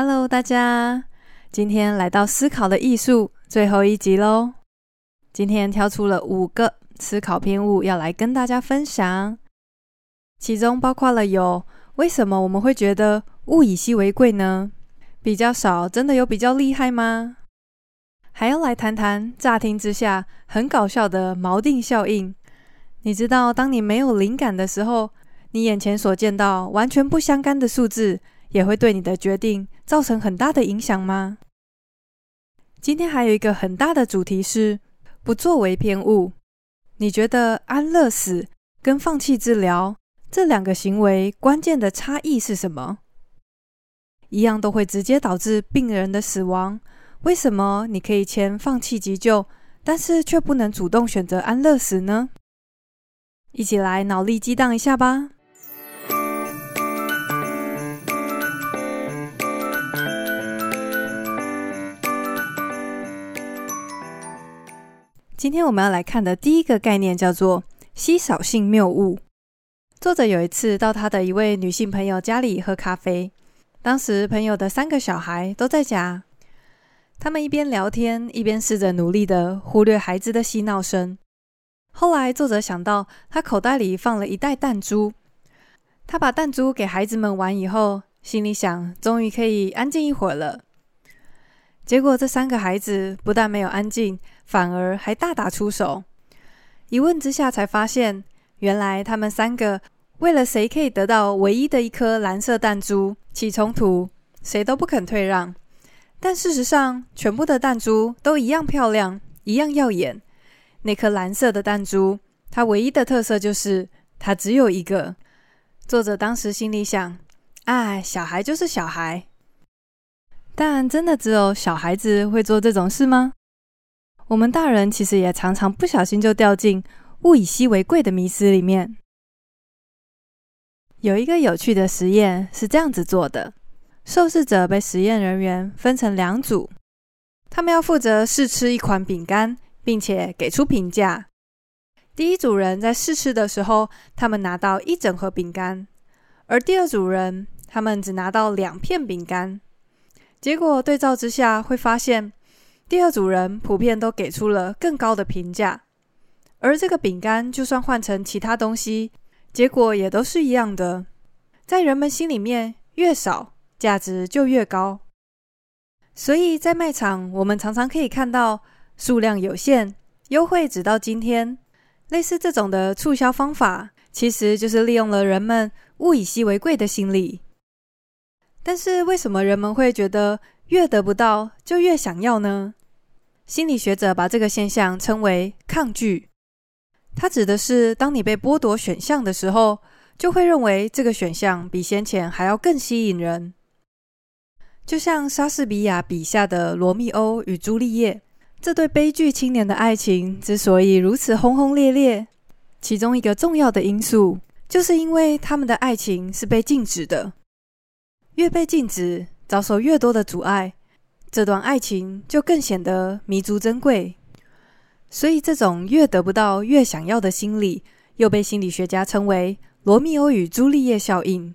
Hello，大家，今天來到思考的藝術最後一集嘍。今天挑出了五個思考偏誤要來跟大家分享，其中包括了有為什麼我們會覺得物以稀為貴呢？比較少，真的有比較厲害嗎？還要來談談乍聽之下很搞笑的錨定效應。你知道當你沒有靈感的時候，你眼前所見到完全不相干的數字。也會對你的決定造成很大的影響嗎？今天還有一個很大的主題是不作為偏誤。你覺得安樂死跟放棄治療這兩個行為關鍵的差異是什麼？一樣都會直接導致病人的死亡，為什麼你可以簽放棄急救，但是卻不能主動選擇安樂死呢？一起來腦力激盪一下吧！今天我們要來看的第一個概念叫做稀少性謬誤。作者有一次到他的一位女性朋友家裡喝咖啡，當時朋友的三個小孩都在家，他們一邊聊天一邊試着努力的忽略孩子的嬉鬧聲。後來作者想到，他口袋裡放了一袋彈珠，他把彈珠給孩子們玩以後，心裡想，終於可以安靜一會兒了。結果，這三個孩子不但沒有安靜，反而還大打出手。一問之下，才發現原來他們三個為了誰可以得到唯一的一顆藍色彈珠起衝突，誰都不肯退讓。但事實上，全部的彈珠都一樣漂亮，一樣耀眼。那顆藍色的彈珠，它唯一的特色就是它只有一個。作者當時心裡想：哎，小孩就是小孩。但真的只有小孩子會做這種事嗎？我們大人其實也常常不小心就掉進“物以稀為貴”的迷思裡面。有一個有趣的實驗是這樣子做的：受試者被實驗人員分成兩組，他們要負責試吃一款餅乾，並且給出評價。第一組人在試吃的時候，他們拿到一整盒餅乾；而第二組人，他們只拿到兩片餅乾。結果對照之下，會發現第二組人普遍都給出了更高的評價。而這個餅乾就算換成其他東西，結果也都是一樣的。在人們心裡面，越少價值就越高。所以在賣場，我們常常可以看到數量有限、優惠只到今天，類似這種的促銷方法，其實就是利用了人們物以稀為貴的心理。但是為什麼人們會覺得越得不到就越想要呢？心理學者把這個現象稱為“抗拒”，它指的是當你被剝奪選項的時候，就會認為這個選項比先前還要更吸引人。就像莎士比亞筆下的羅密歐與朱麗葉，這對悲劇青年的愛情之所以如此轟轟烈烈，其中一個重要的因素就是因為他們的愛情是被禁止的。越被禁止，遭受越多的阻礙，這段愛情就更顯得彌足珍貴。所以，這種越得不到越想要的心理，又被心理學家稱為“羅密歐與朱麗葉效應”。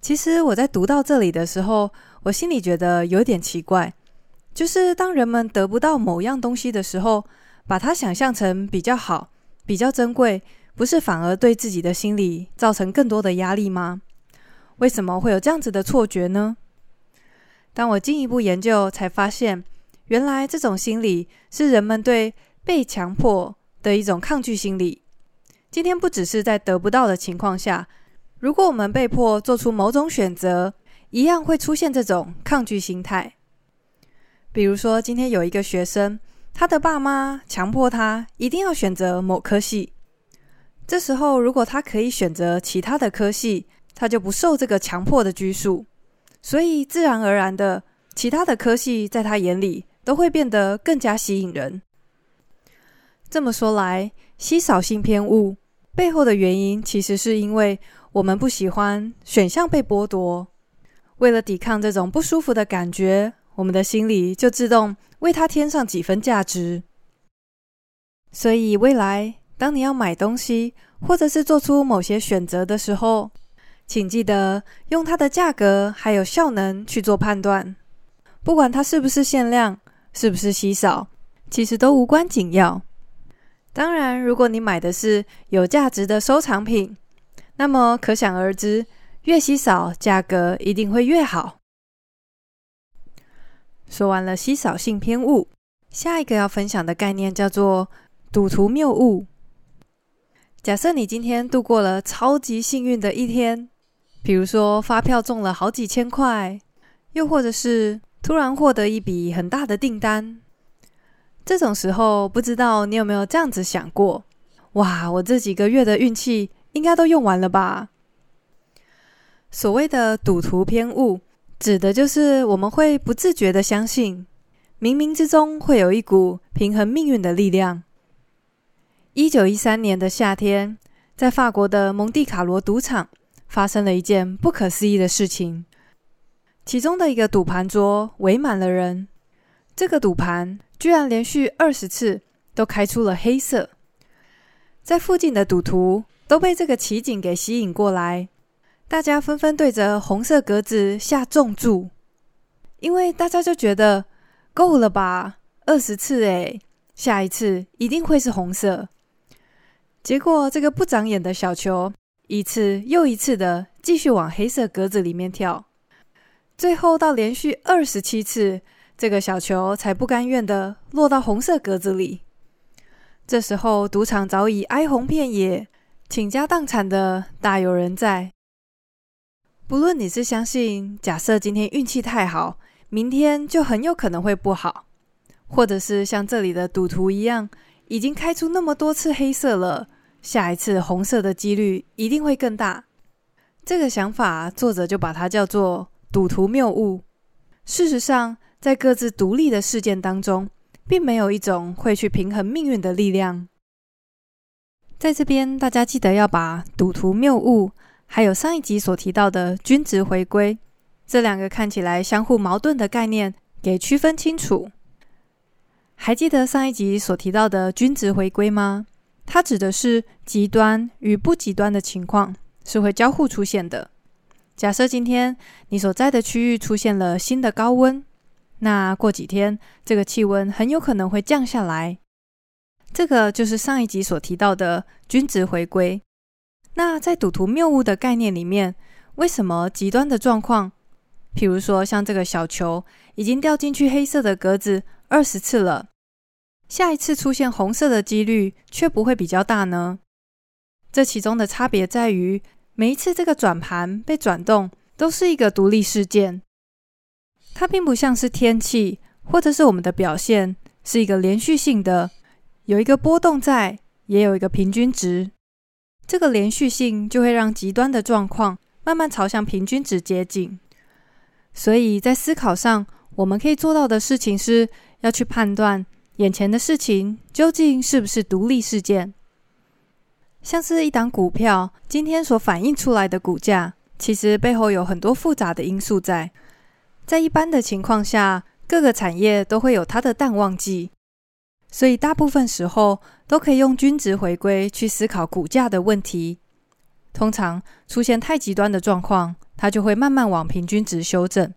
其實，我在讀到這裡的時候，我心裡覺得有點奇怪，就是當人們得不到某樣東西的時候，把它想象成比較好、比較珍貴，不是反而對自己的心理造成更多的壓力嗎？為什麼會有這樣子的錯覺呢？當我進一步研究，才發現原來這種心理是人們對被強迫的一種抗拒心理。今天不只是在得不到的情況下，如果我們被迫做出某種選擇，一樣會出現這種抗拒心態。比如說，今天有一個學生，他的爸媽強迫他一定要選擇某科系，這時候如果他可以選擇其他的科系，他就不受這個強迫的拘束，所以自然而然的，其他的科系在他眼裡都會變得更加吸引人。這麼說來，稀少性偏誤背後的原因，其實是因為我們不喜歡選項被剝奪。為了抵抗這種不舒服的感覺，我們的心裡就自動為它添上幾分價值。所以，未來當你要買東西，或者是做出某些選擇的時候，請記得用它的價格還有效能去做判斷，不管它是不是限量，是不是稀少，其實都無關緊要。當然，如果你買的是有價值的收藏品，那麼可想而知，越稀少，價格一定會越好。說完了稀少性偏誤，下一個要分享的概念叫做賭徒謬誤。假設你今天度過了超級幸運的一天。比如說，發票中了好幾千塊，又或者是突然獲得一筆很大的訂單，這種時候，不知道你有沒有這樣子想過？哇，我這幾個月的運氣應該都用完了吧？所謂的賭徒偏誤，指的就是我們會不自覺的相信，冥冥之中會有一股平衡命運的力量。一九一三年的夏天，在法國的蒙地卡羅賭場，發生了一件不可思議的事情，其中的一個賭盤桌圍滿了人。這個賭盤居然連續二十次都開出了黑色，在附近的賭徒都被這個奇景給吸引過來，大家紛紛對着紅色格子下重注，因為大家就覺得夠了吧，二十次誒，欸，下一次一定會是紅色。結果這個不長眼的小球。一次又一次的繼續往黑色格子裡面跳，最後到連續二十七次，這個小球才不甘願的落到紅色格子裡。這時候賭場早已哀鴻遍野，傾家蕩產的大有人在。不論你是相信假設今天運氣太好，明天就很有可能會不好，或者是像這裡的賭徒一樣，已經開出那麼多次黑色了，下一次紅色的幾率一定會更大，這個想法作者就把它叫做賭徒謬誤。事實上，在各自獨立的事件當中，並沒有一種會去平衡命運的力量。在這邊，大家記得要把賭徒謬誤，還有上一集所提到的均值回歸這兩個看起來相互矛盾的概念給區分清楚。還記得上一集所提到的均值回歸嗎？它指的是極端與不極端的情況是會交互出現的。假設今天你所在的區域出現了新的高溫，那過幾天這個氣溫很有可能會降下來。這個就是上一集所提到的均值回歸。那在賭徒謬誤的概念裡面，為什麼極端的狀況，譬如說像這個小球已經掉進去黑色的格子二十次了？下一次出現紅色的幾率卻不會比較大呢？這其中的差別在於，每一次這個轉盤被轉動都是一個獨立事件，它並不像是天氣或者是我們的表現是一個連續性的，有一個波動在，也有一個平均值。這個連續性就會讓極端的狀況慢慢朝向平均值接近。所以在思考上，我們可以做到的事情是要去判斷。眼前的事情究竟是不是獨立事件？像是一檔股票今天所反映出來的股價，其實背後有很多複雜的因素在。在一般的情況下，各個產業都會有它的淡旺季，所以大部分時候都可以用均值回歸去思考股價的問題。通常出現太極端的狀況，它就會慢慢往平均值修正。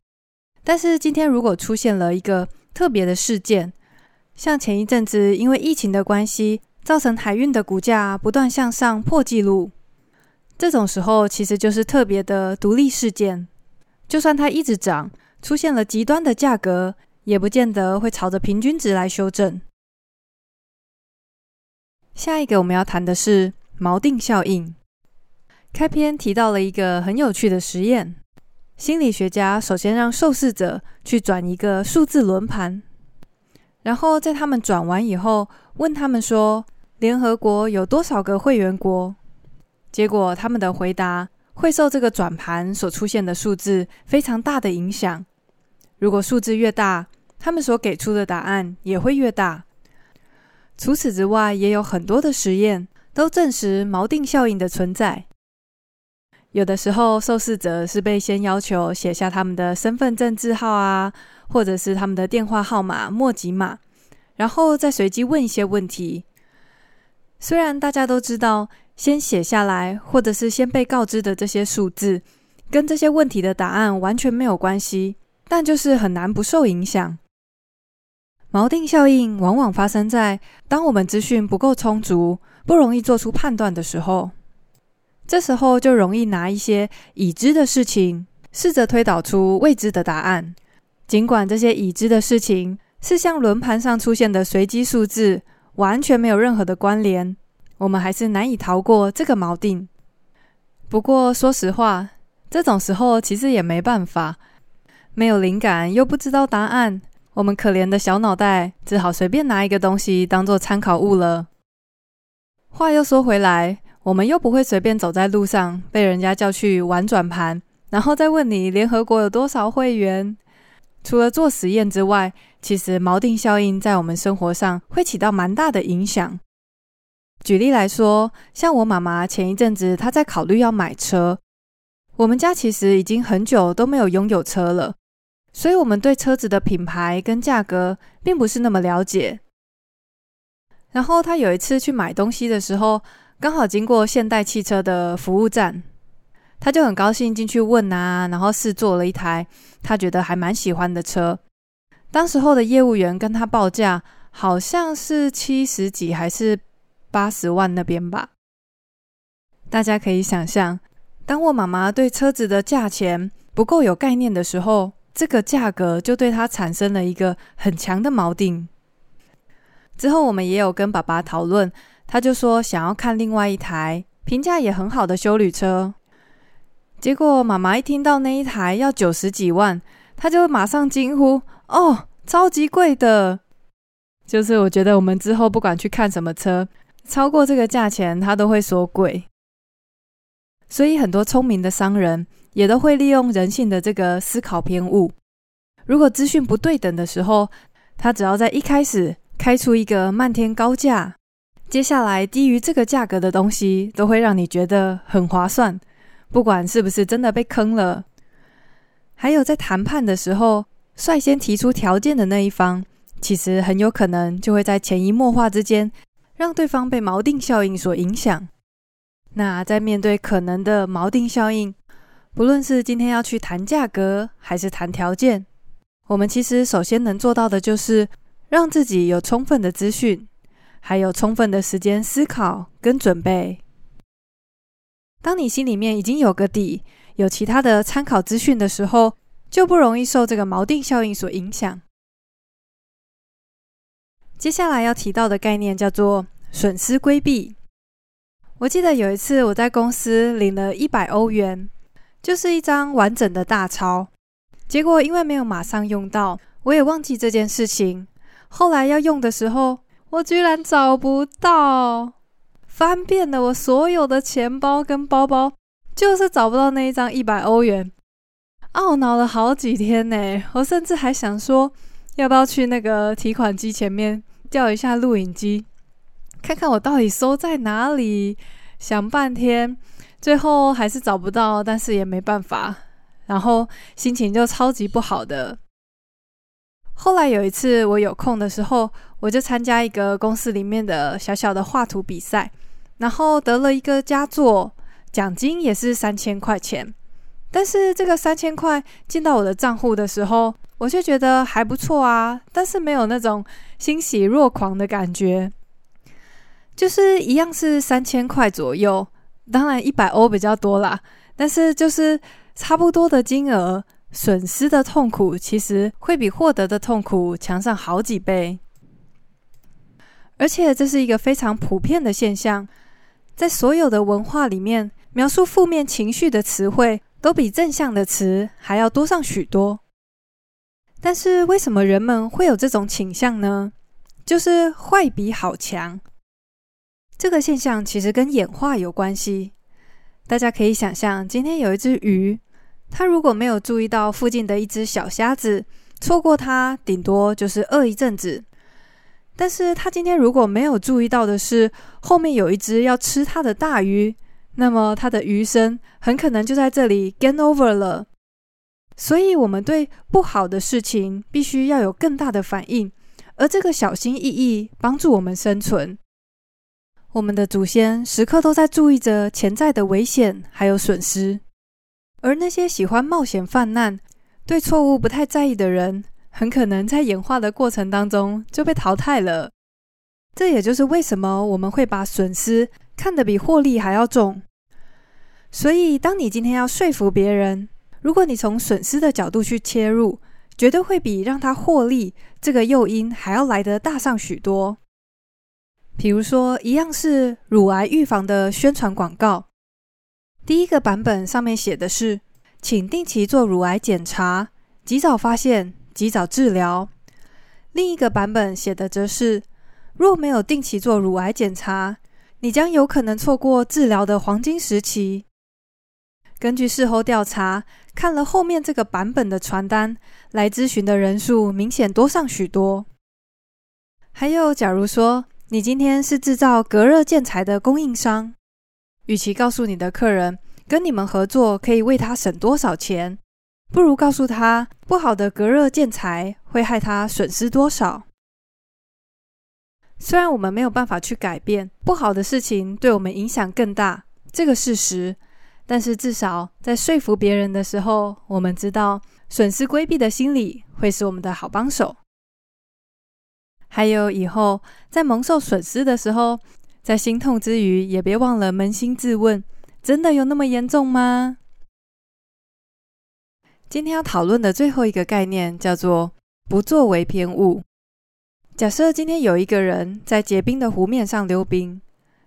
但是今天如果出現了一個特別的事件，像前一陣子，因為疫情的關係，造成海運的股價不斷向上破紀錄。這種時候其實就是特別的獨立事件，就算它一直漲，出現了極端的價格，也不見得會朝着平均值來修正。下一個我們要談的是錨定效應。開篇提到了一個很有趣的實驗，心理學家首先讓受試者去轉一個數字輪盤。然後在他們轉完以後，問他們說：“聯合國有多少個會員國？”結果他們的回答會受這個轉盤所出現的數字非常大的影響。如果數字越大，他們所給出的答案也會越大。除此之外，也有很多的實驗都證實錨定效應的存在。有的時候，受試者是被先要求寫下他們的身份證字號啊。或者是他們的電話號碼、末幾碼，然後再隨機問一些問題。雖然大家都知道，先寫下來或者是先被告知的這些數字，跟這些問題的答案完全沒有關係，但就是很難不受影響。錨定效應往往發生在當我們資訊不夠充足、不容易做出判斷的時候，這時候就容易拿一些已知的事情，試着推導出未知的答案。儘管這些已知的事情是像輪盤上出現的隨機數字，完全沒有任何的關聯，我們還是難以逃過這個錨定。不過，說實話，這種時候其實也沒辦法，沒有靈感又不知道答案，我們可憐的小腦袋只好隨便拿一個東西當作參考物了。話又說回來，我們又不會隨便走在路上被人家叫去玩轉盤，然後再問你聯合國有多少會員。除了做實驗之外，其實錨定效應在我們生活上會起到蠻大的影響。舉例來說，像我媽媽前一陣子她在考慮要買車，我們家其實已經很久都沒有擁有車了，所以我們對車子的品牌跟價格並不是那麼了解。然後她有一次去買東西的時候，剛好經過現代汽車的服務站。他就很高興進去問啊，然後試坐了一台，他覺得還蠻喜歡的車。當時候的業務員跟他報價，好像是七十幾還是八十萬那邊吧。大家可以想象，當我媽媽對車子的價錢不夠有概念的時候，這個價格就對他產生了一個很強的錨定。之後我們也有跟爸爸討論，他就說想要看另外一台、評價也很好的休旅車。結果媽媽一聽到那一台要九十幾萬，她就會馬上驚呼：“哦，超級貴的！”就是我覺得我們之後不管去看什麼車，超過這個價錢，她都會說貴。所以很多聰明的商人也都會利用人性的這個思考偏誤。如果資訊不對等的時候，他只要在一開始開出一個漫天高價，接下來低於這個價格的東西，都會讓你覺得很划算。不管是不是真的被坑了，還有在談判的時候，率先提出條件的那一方，其實很有可能就會在潛移默化之間，讓對方被錨定效應所影響。那在面對可能的錨定效應，不論是今天要去談價格，還是談條件，我們其實首先能做到的就是讓自己有充分的資訊，還有充分的時間思考跟準備。當你心裡面已經有個底，有其他的參考資訊的時候，就不容易受這個錨定效應所影響。接下來要提到的概念叫做損失規避。我記得有一次我在公司領了一百歐元，就是一張完整的大鈔，結果因為沒有馬上用到，我也忘記這件事情。後來要用的時候，我居然找不到。翻遍了我所有的錢包跟包包，就是找不到那一張一百歐元，懊惱了好幾天呢。我甚至還想說，要不要去那個提款機前面調一下錄影機，看看我到底收在哪裡。想半天，最後還是找不到，但是也沒辦法。然後心情就超級不好的。後來有一次我有空的時候，我就參加一個公司裡面的小小的畫圖比賽。然後得了一個佳作，獎金也是三千塊錢。但是這個三千塊進到我的賬戶的時候，我就覺得還不錯啊。但是沒有那種欣喜若狂的感覺，就是一樣是三千塊左右。當然一百歐比較多啦，但是就是差不多的金額，損失的痛苦其實會比獲得的痛苦強上好幾倍。而且這是一個非常普遍的現象。在所有的文化裡面，描述負面情緒的詞彙都比正向的詞還要多上許多。但是為什麼人們會有這種傾向呢？就是壞比好強。這個現象其實跟演化有關係。大家可以想象，今天有一隻魚，它如果沒有注意到附近的一隻小蝦子，錯過它，頂多就是餓一陣子。但是他今天如果沒有注意到的是，後面有一隻要吃他的大魚，那麼他的餘生很可能就在這裡 game over 了。所以，我們對不好的事情必須要有更大的反應，而這個小心翼翼幫助我們生存。我們的祖先時刻都在注意着潛在的危險還有損失，而那些喜歡冒險犯難、對錯誤不太在意的人，很可能在演化的過程當中就被淘汰了。這也就是為什麼我們會把損失看得比獲利還要重。所以，當你今天要說服別人，如果你從損失的角度去切入，絕對會比讓他獲利這個誘因還要來得大上許多。比如說，一樣是乳癌預防的宣傳廣告，第一個版本上面寫的是：“請定期做乳癌檢查，及早發現。”及早治療。另一個版本寫的則是，若沒有定期做乳癌檢查，你將有可能錯過治療的黃金時期。根據事後調查，看了後面這個版本的傳單，來諮詢的人數明顯多上許多。還有，假如說你今天是製造隔熱建材的供應商，與其告訴你的客人跟你們合作可以為他省多少錢，不如告訴他，不好的隔熱建材會害他損失多少。雖然我們沒有辦法去改變不好的事情對我們影響更大這個事實，但是至少在說服別人的時候，我們知道損失規避的心理會是我們的好幫手。還有以後在蒙受損失的時候，在心痛之餘，也別忘了捫心自問：真的有那麼嚴重嗎？今天要討論的最後一個概念叫做不作為偏誤。假設今天有一個人在結冰的湖面上溜冰，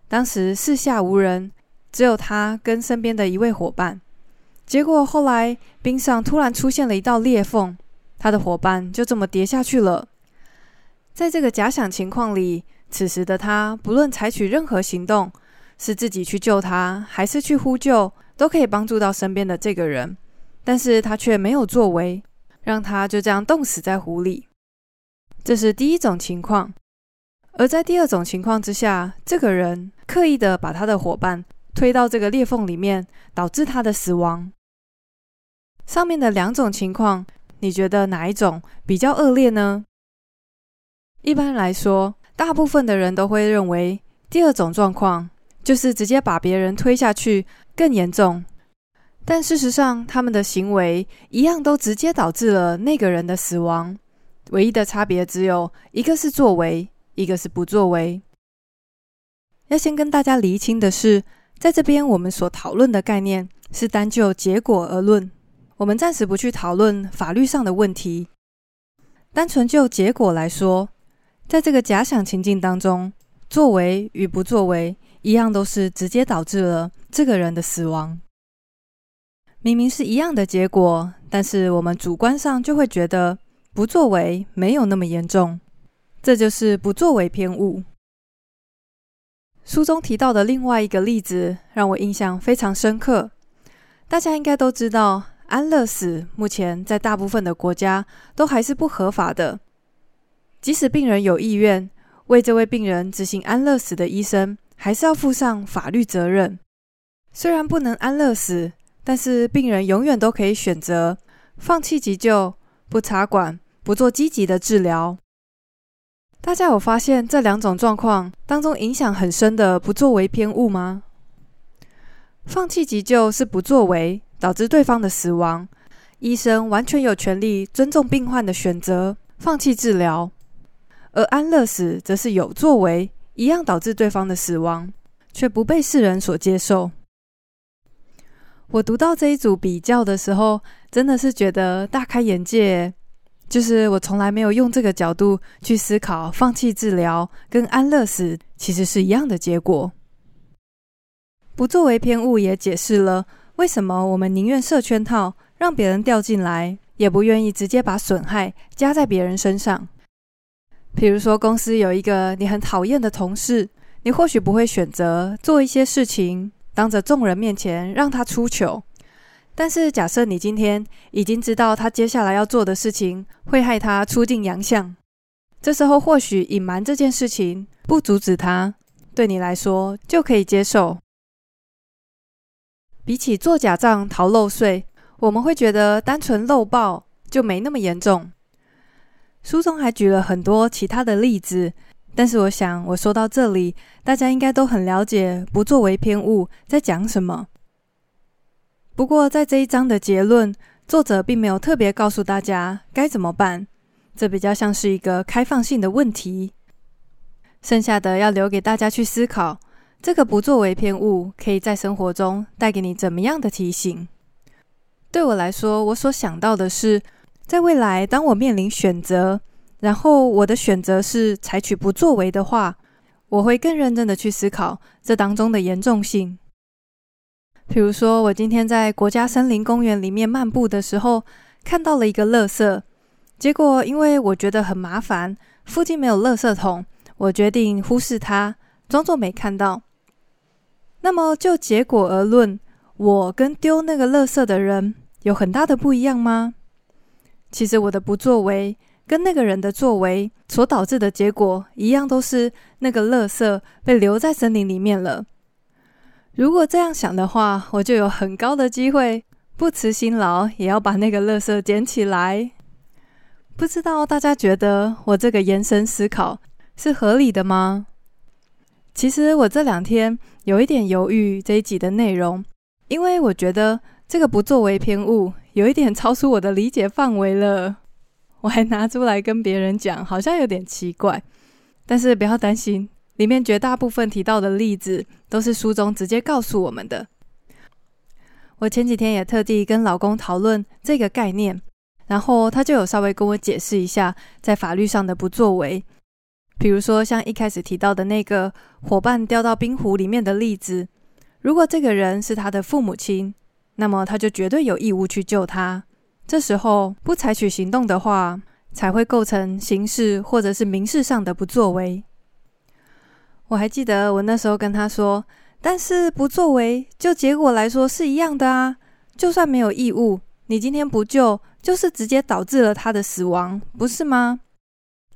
當時四下無人，只有他跟身邊的一位夥伴。結果後來冰上突然出現了一道裂縫，他的夥伴就這麼跌下去了。在這個假想情況裡，此時的他不論採取任何行動，是自己去救他，還是去呼救，都可以幫助到身邊的這個人。但是他卻沒有作為，讓他就這樣凍死在湖裡。這是第一種情況，而在第二種情況之下，這個人刻意的把他的夥伴推到這個裂縫裡面，導致他的死亡。上面的兩種情況，你覺得哪一種比較惡劣呢？一般來說，大部分的人都會認為第二種狀況就是直接把別人推下去更嚴重。但事實上，他們的行為一樣都直接導致了那個人的死亡。唯一的差別只有一個是作為，一個是不作為。要先跟大家釐清的是，在這邊我們所討論的概念是單就結果而論，我們暫時不去討論法律上的問題。單純就結果來說，在這個假想情境當中，作為與不作為一樣，都是直接導致了這個人的死亡。明明是一樣的結果，但是我們主觀上就會覺得不作為沒有那麼嚴重，這就是不作為偏誤。書中提到的另外一個例子讓我印象非常深刻。大家應該都知道，安樂死目前在大部分的國家都還是不合法的。即使病人有意願，為這位病人執行安樂死的醫生還是要負上法律責任。雖然不能安樂死，但是病人永遠都可以選擇放棄急救、不插管、不做積極的治療。大家有發現這兩種狀況當中影響很深的不作為偏誤嗎？放棄急救是不作為，導致對方的死亡，醫生完全有權利尊重病患的選擇，放棄治療。而安樂死則是有作為，一樣導致對方的死亡，卻不被世人所接受。我讀到這一組比較的時候，真的是覺得大開眼界。就是我從來沒有用這個角度去思考，放棄治療跟安樂死其實是一樣的結果。不作為偏誤也解釋了為什麼我們寧願設圈套讓別人掉進來，也不願意直接把損害加在別人身上。比如說，公司有一個你很討厭的同事，你或許不會選擇做一些事情。當着眾人面前讓他出糗，但是假設你今天已經知道他接下來要做的事情會害他出盡洋相。這時候或許隱瞞這件事情，不阻止他，對你來說就可以接受。比起做假賬逃漏稅，我們會覺得單純漏報就沒那麼嚴重。書中還舉了很多其他的例子。但是我想，我說到這裡，大家應該都很了解不作為偏誤在講什麼。不過，在這一章的結論，作者並沒有特別告訴大家該怎麼辦，這比較像是一個開放性的問題。剩下的要留給大家去思考，這個不作為偏誤可以在生活中帶給你怎麼樣的提醒？對我來說，我所想到的是，在未來當我面臨選擇，然後我的選擇是採取不作為的話，我會更認真的去思考這當中的嚴重性。比如說，我今天在國家森林公園裡面漫步的時候，看到了一個垃圾，結果因為我覺得很麻煩，附近沒有垃圾桶，我決定忽視它，裝作沒看到。那麼就結果而論，我跟丟那個垃圾的人有很大的不一樣嗎？其實我的不作為。跟那個人的作為所導致的結果一樣，都是那個垃圾被留在森林裡面了。如果這樣想的話，我就有很高的機會，不辭辛勞也要把那個垃圾撿起來。不知道大家覺得我這個延伸思考是合理的嗎？其實我這兩天有一點猶豫這一集的內容，因為我覺得這個不作為偏誤，有一點超出我的理解範圍了。我還拿出來跟別人講，好像有點奇怪，但是不要擔心，裡面絕大部分提到的例子都是書中直接告訴我們的。我前幾天也特地跟老公討論這個概念，然後他就有稍微跟我解釋一下在法律上的不作為。比如說像一開始提到的那個夥伴掉到冰湖裡面的例子，如果這個人是他的父母親，那麼他就絕對有義務去救他。這時候不採取行動的話，才會構成刑事或者是民事上的不作為。我還記得我那時候跟他說：“但是不作為，就結果來說是一樣的啊。就算沒有義務，你今天不救，就是直接導致了他的死亡，不是嗎？”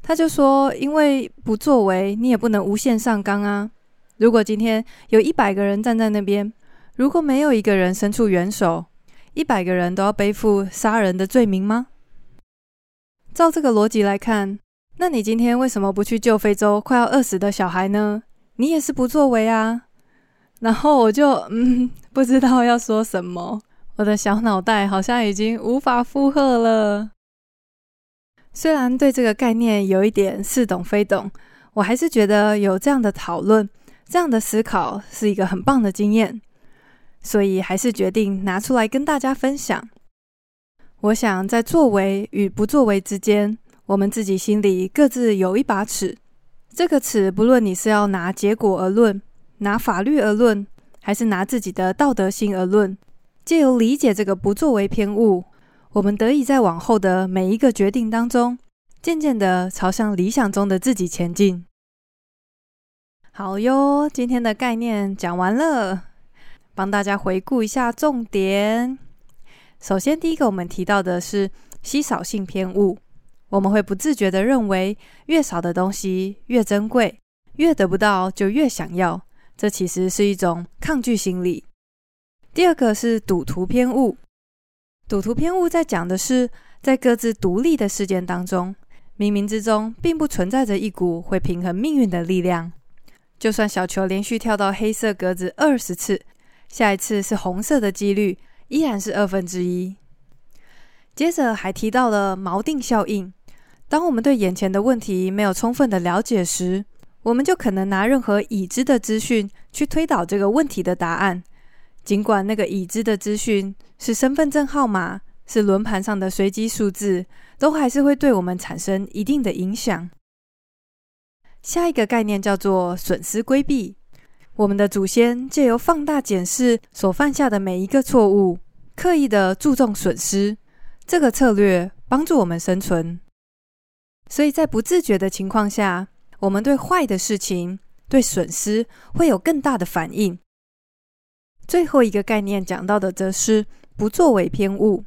他就說：“因為不作為，你也不能無限上綱啊。如果今天有一百個人站在那邊，如果沒有一個人伸出援手。”一百個人都要背負殺人的罪名嗎？照這個邏輯來看，那你今天為什麼不去救非洲快要餓死的小孩呢？你也是不作為啊。然後我就嗯，不知道要說什麼，我的小腦袋好像已經無法負荷了。雖然對這個概念有一點似懂非懂，我還是覺得有這樣的討論，這樣的思考是一個很棒的經驗。所以，還是決定拿出來跟大家分享。我想，在作為與不作為之間，我們自己心裡各自有一把尺。這個尺，不論你是要拿結果而論，拿法律而論，還是拿自己的道德心而論，借由理解這個不作為偏誤，我們得以在往後的每一個決定當中，漸漸地朝向理想中的自己前進。好喲，今天的概念講完了。幫大家回顧一下重點。首先，第一個我們提到的是稀少性偏誤，我們會不自覺地認為越少的東西越珍貴，越得不到就越想要，這其實是一種抗拒心理。第二個是賭徒偏誤，賭徒偏誤在講的是在各自獨立的事件當中，冥冥之中並不存在着一股會平衡命運的力量，就算小球連續跳到黑色格子二十次。下一次是紅色的幾率依然是二分之一。接着還提到了錨定效應：當我們對眼前的問題沒有充分的了解時，我們就可能拿任何已知的資訊去推導這個問題的答案，儘管那個已知的資訊是身份證號碼、是輪盤上的隨機數字，都還是會對我們產生一定的影響。下一個概念叫做損失規避。我們的祖先借由放大檢視所犯下的每一個錯誤，刻意的注重損失，這個策略幫助我們生存。所以在不自覺的情況下，我們對壞的事情、對損失會有更大的反應。最後一個概念講到的則是不作為偏誤，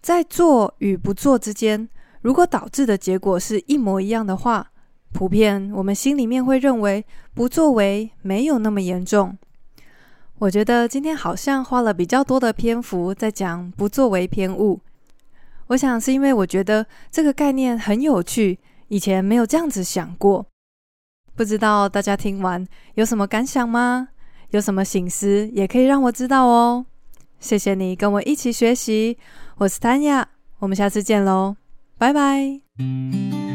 在做與不做之間，如果導致的結果是一模一樣的話，普遍，我們心裡面會認為不作為沒有那麼嚴重。我覺得今天好像花了比較多的篇幅在講不作為偏誤，我想是因為我覺得這個概念很有趣，以前沒有這樣子想過。不知道大家聽完有什麼感想嗎？有什麼省思也可以讓我知道哦。謝謝你跟我一起學習，我是 Tanya，我們下次見嘍，拜拜。嗯